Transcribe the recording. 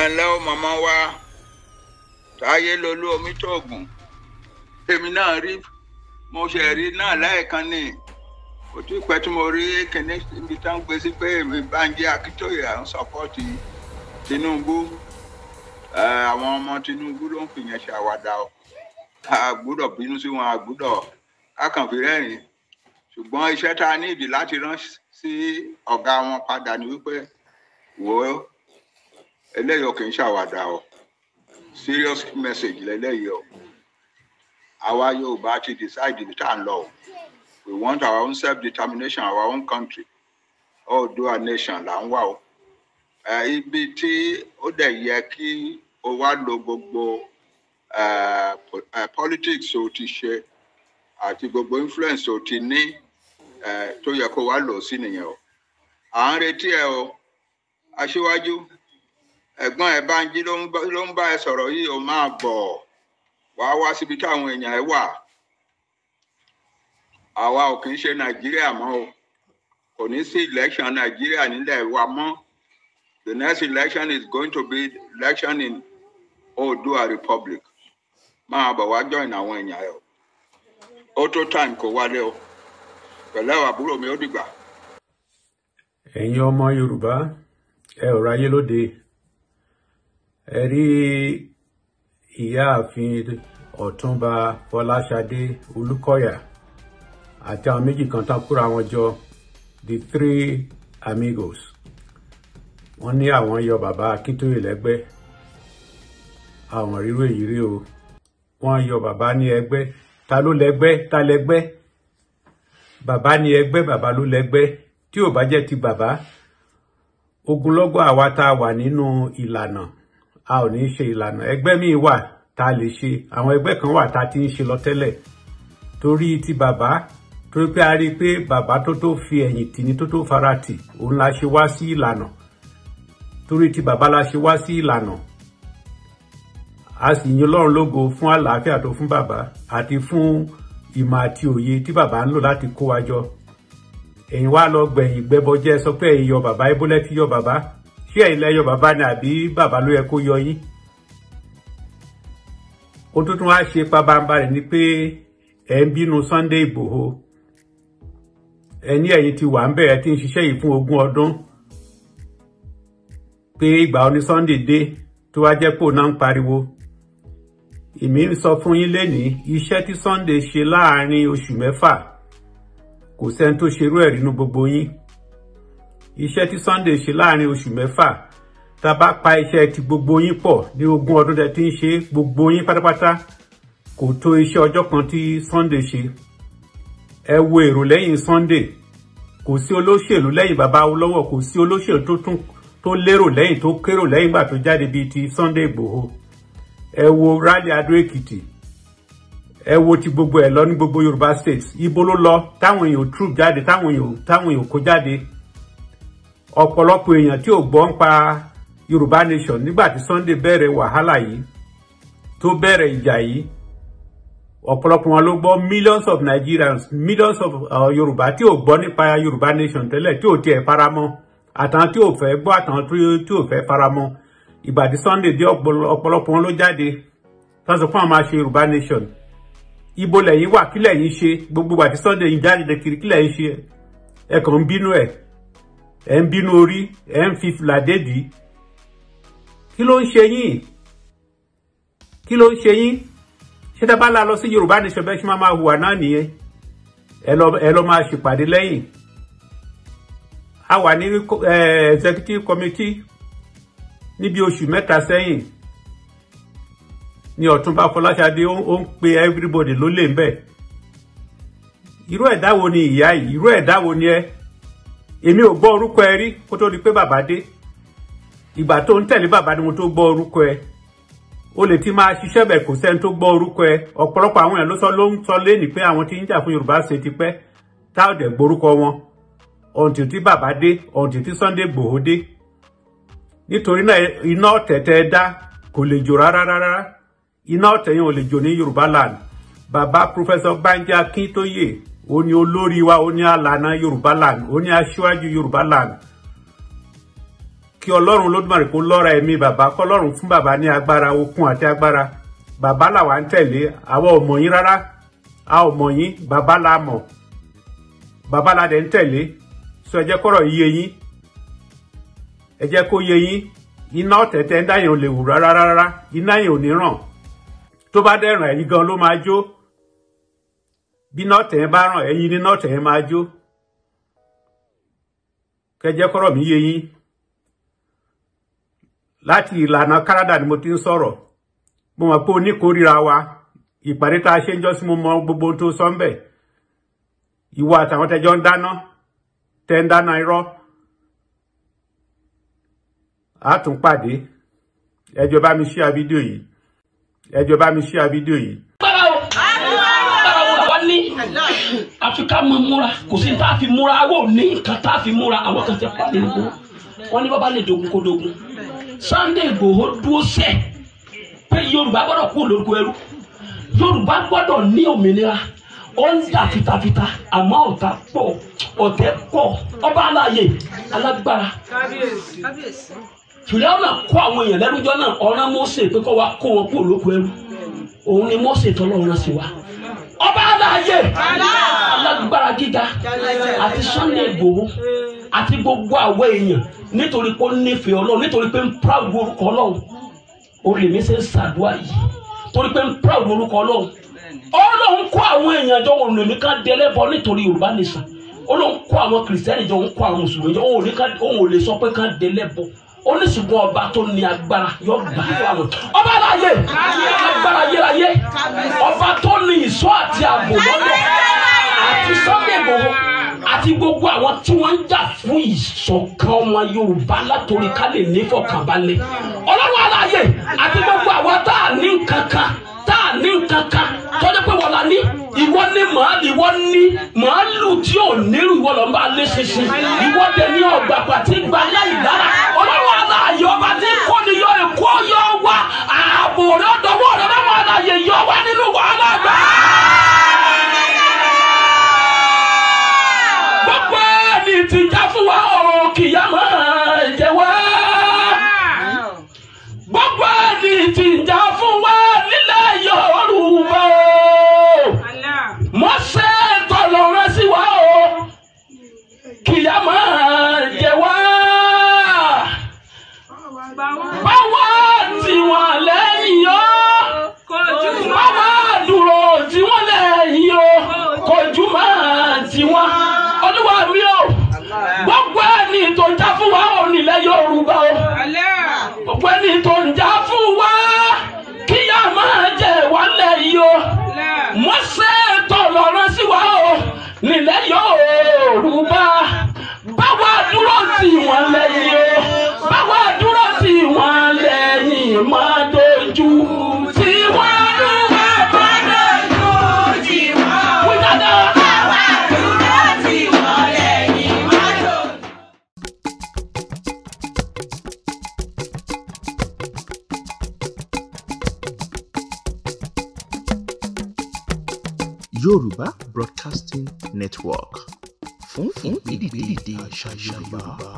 ẹ ǹlẹ́ o màmá wa táyé lolú omi tóògùn èmi náà rí mo ṣe rí náà láìkan ní kò tí pẹ́ tí mo rí kíní ibi tá ń gbé sí pé èmi Bánjí Akíntóyè à ń sọ́pọ́ọ̀tì Tinubu àwọn ọmọ Tinubu ló ń fìyẹn ṣàwádà o a gbọ́dọ̀ bínú sí wọn a gbọ́dọ̀ akànfi rẹ́rìn ṣùgbọ́n iṣẹ́ tá a ní ìdí láti rán sí ọ̀gá wọn padà ní wípé wò eléyìí kì í ṣàwàdà o serious message lélẹ́yìí o àwa Yorùbá ti decide ibi tá à we want our own self determination our own country Oòduà nation là ń wá o ibi tí ó dẹ̀ yẹ kí o wá lo gbogbo politics o ti ṣe àti gbogbo influence o ti ní tó yẹ kó wá lò sí nìyẹn o à ń retí ẹ o aṣíwájú ẹ̀gbọ́n ẹ̀ Bánjí ló ń bá ẹ sọ̀rọ̀ yìí ó máa bọ̀ wàá wá síbi táwọn èèyàn ẹ wà àwa ò kì í ṣe Nàìjíríà mọ́ o kò ní sí election Nàìjíríà nílẹ̀ wa mọ́ the next election is going to be election in Odua Republic máa bọ̀ wá join àwọn èèyàn ẹ o ó time kó wálé o pẹ̀lẹ́ àbúrò mi ó dìgbà. ẹ̀yin ọmọ Yorùbá ẹ ò ráyé lóde ẹ rí ìyáàfin ọ̀túnba fọláṣadé olúkọ̀yà àti àwọn méjì kan tán kóra wọn jọ the three amigos wọ́n ní àwọn yọ bàbá akíntóyè lẹ́gbẹ́ àwọn rírú èyí rí o wọ́n yọ bàbá ní ẹgbẹ́ ta ló lẹ́gbẹ́ ta lẹ́gbẹ́ bàbá ní ẹgbẹ́ bàbá ló lẹ́gbẹ́ tí ò bá jẹ́ ti bàbá ogunlọ́gọ̀ àwa tá wà nínú ìlànà a ò ní ṣe ìlànà ẹgbẹ́ míì wà tá a lè ṣe àwọn ẹgbẹ́ kan wà tá a ti ń ṣe lọ tẹ́lẹ̀ torí ti bàbá torí pé a rí i pé bàbá tó tó fi ẹ̀yìn tì ní tó tó fara tì òun la ṣe wá sí ìlànà torí ti bàbá la ṣe wá sí ìlànà a sì yin Ọlọ́run lógo fún àlàáfíà tó fún bàbá àti fún ìmọ̀ àti òye tí bàbá ń lò láti kó wa jọ ẹ̀yin lọ gbẹ̀yìn gbẹ́bọjẹ́ sọ pé ẹ̀yin yọ bàbá ibólẹ́ ti yọ bàbá ṣé ẹ̀yin lẹ yọ bàbá ni àbí bàbá ló yẹ kó yọ yín ó tó wá ṣe pabambarì ni pé ẹ ń bínú Sunday Ìgbòho ẹni ẹ̀yin ti wà ń bẹ̀rẹ̀ tí ń ṣiṣẹ́ yìí fún ogún ọdún pé ìgbà oní Sunday dé tó wá jẹ́ pò náà ń pariwo èmi ń sọ fún yín lénìí iṣẹ́ tí Sunday ṣe láàárín oṣù mẹ́fà kò sẹ́ni tó ṣerú ẹ̀ rínú gbogbo yín iṣẹ́ tí Sunday ṣe láàrin oṣù mẹ́fà tá a bá pa iṣẹ́ ti gbogbo yín pọ̀ ní ogún ọdún tẹ́ ti ń ṣe gbogbo yín pátápátá kò tó iṣẹ́ ọjọ́ kan tí Sunday ṣe ẹ wo èrò lẹ́yìn Sunday kò sí olóṣèlú lẹ́yìn bàbá Awólọ́wọ̀ kò sí olóṣèlú tó tún tó lérò lẹ́yìn tó kérò lẹ́yìn gbà tó jáde bíi ti Sunday Ìgbòho ẹ wo rally Adó Èkìtì ẹ wo ti gbogbo ẹ lọ ní gbogbo Yorùbá states ibo ló lọ táwọn èèyàn troop jáde táwọn èèyàn táwọn èèyàn kó jáde ọ̀pọ̀lọpọ̀ èèyàn tí ò gbọ́ ń pa yorùbá nation nígbà tí sunday bẹ̀rẹ̀ wàhálà yìí tó bẹ̀rẹ̀ ìjà yìí ọ̀pọ̀lọpọ̀ wọn ló gbọ́ millions of nigerians millions of uh, yorùbá tí ò gbọ́ nípa yorùbá nation tẹ́lẹ̀ tí ò tiẹ̀ faramọ́ àtàwọn tí ò fẹ́ gbọ́ àtàwọn tí ò fẹ́ faramọ́ ìgbà tí sunday dé ọ̀pọ̀lọpọ̀ wọn ló jáde tán fún àwọn máa yorùbá nation ibo lẹ́yìn wà kílẹ̀ yìí ṣe gbogbo àti sunday yìí jáde kiri kílẹ̀ yìí ṣe ẹ̀kàn ń bínú ẹ̀ ẹ ń bínú orí ẹ ń fi fìlàdédìí kí ló ń ṣe yín kí ló ń ṣe yín ṣé bá la lọ sí yorùbá ní ṣọbẹ ṣe máa máa hùwà náà nìyẹn ẹ lọ ẹ lọ máa ṣèpàdé lẹ́yìn a wà ní executive committee níbi oṣù mẹ́ta sẹ́yìn ni ọ̀túnba fọláṣadé ó ń pe everybody ló lè ń bẹ irú ẹ̀dá wo ni ìyá yìí irú ẹ̀dá wo ni ẹ èmi ò gbọ́ orúkọ ẹ rí kó tó di pé bàbá dé ìgbà tó ń tẹ̀lé bàbá ni mo tó gbọ́ orúkọ ẹ o lè ti máa ṣiṣẹ́ bẹ̀ kò sẹ́ni tó gbọ́ orúkọ ẹ ọ̀pọ̀lọpọ̀ àwọn èèyàn ló sọ ló ń sọ léènì pé àwọn tí ń jà fún Yorùbá ṣe ti pẹ́ tá ò dẹ̀ gborúkọ wọn ọ̀ǹtì tí bàbá dé ọ̀ǹtì tí Sunday Igboho dé nítorí náà iná ọ̀tẹ̀tẹ̀ dá kò lè jò rárá rárá iná ọ̀tẹ̀ yẹn ò lè jò ní Yorùbá land bàbá Professor Banji Akintoye ó ní olórí wa ó ní àlànà yorùbá land ó ní aṣíwájú yorùbá land kí ọlọ́run lódùmarè kó lọ́ra ẹ̀mí bàbá kọ́lọ́run fún bàbá ní agbára okun àti agbára bàbá làwa ń tẹ̀lé àwa ò mọ̀ yín rárá a ò mọ̀ yín bàbá la mọ̀ bàbá la dẹ̀ ń tẹ̀lé sọ ẹ jẹ́ kọ́rọ̀ yé yín ẹ jẹ́ kó yé yín iná ọ̀tẹ̀tẹ̀ ń dáyàn ò lè wù rárá rárá iná yẹn ò ní ràn tó bá dẹ̀ ràn ẹ̀yìn gan ló máa jó bi nọ́ọ̀tì yẹn bá ràn ẹ̀yin ní nọ́ọ̀tì yẹn máa jó kẹjẹ yi mi yé yín láti ìlànà Canada ni mo ti ń sọ̀rọ̀ mo mọ̀ pé wa ìpàdé tá a mọ gbogbo tó sọ ń àtàwọn tẹjọ ń dáná tẹ ń dáná àtúnpàdé ẹjọ bá mi àfi ká mọ múra kò sí tá a fi múra awó ní nǹkan tá a fi múra àwọn kan fẹ́ pàdé ìbò wọn ní bàbá lè dogun kó dogun Sunday Igboho dúró sẹ pé Yorùbá gbọ́dọ̀ kú lórúkọ ẹrú Yorùbá gbọ́dọ̀ ní òmìnira ó ń dà fitafita àmọ́ ọ̀tá pọ̀ ọ̀tẹ̀ pọ̀ ọba aláàyè alágbára fìlànà kó àwọn èèyàn lẹ́rújọ́ náà ọ̀ràn Mósè pé kó wa kó wọn kú lórúkọ ẹrú òun ni Mósè tọ́lọ́ ọ̀ràn sí wa ọba aláàyè alágbára gíga àti Sunday Igboho àti gbogbo àwọ̀ èèyàn nítorí pé ó nífẹ̀ẹ́ ọlọ́run nítorí pé ń proud orúkọ ọlọ́run orí mi ṣe ń ṣàdúrà yìí torí pé ń proud orúkọ ọlọ́run ọlọ́run kó àwọn èèyàn jọ òun lèmi kan délẹ́bọ nítorí Yorùbá nation ọlọ́run kó àwọn kìrìsìtẹ́nì jọ òun kó àwọn mùsùlùmí jọ òun ò lè sọ pé kan délẹ́bọ oníṣùgbọ́n ọba tó ní agbára yọ gbà fún àwọn ọba láàyè gbogbo àwọn tí wọ́n ń jà fún ìṣọ̀kan ọmọ Yorùbá látòrí ká lè nífọ̀kànbalẹ̀ ọlọ́run aláyè àti gbogbo àwa tá a ní nǹkan kan tá a ní nǹkan kan tọ́jú pé wọ́n la ní ìwọ ní màálù ìwọ ní màálù tí ò nírú ìwọ lọ ń bá lé ṣinṣin ìwọ dẹ ní ọgbà pàtí gba láìlára ọlọ́run aláyè ọba tí kò ní yọ èkó yọ wá ààbò rẹ ọdọwọ́ rẹ lọ́wọ́ aláyè yọ wá ẹni tó ń jà fún wa kíyà máa jẹ wálẹ̀ yìí o mọ́sẹ̀ tó lọ́rọ́ sí wa o nílẹ̀ Yorùbá báwa dúró sí wọn lẹ́yìn. yorùbá broadcasting network fún ìgbédìde àṣà yorùbá.